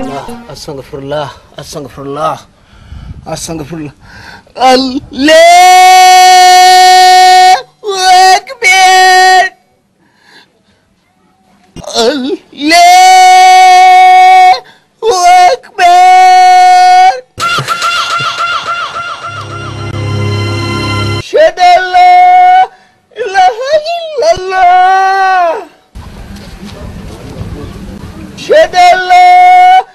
الله استغفر الله استغفر الله استغفر الله الله اكبر الله اكبر شهد الله لا اله الا الله شهد الله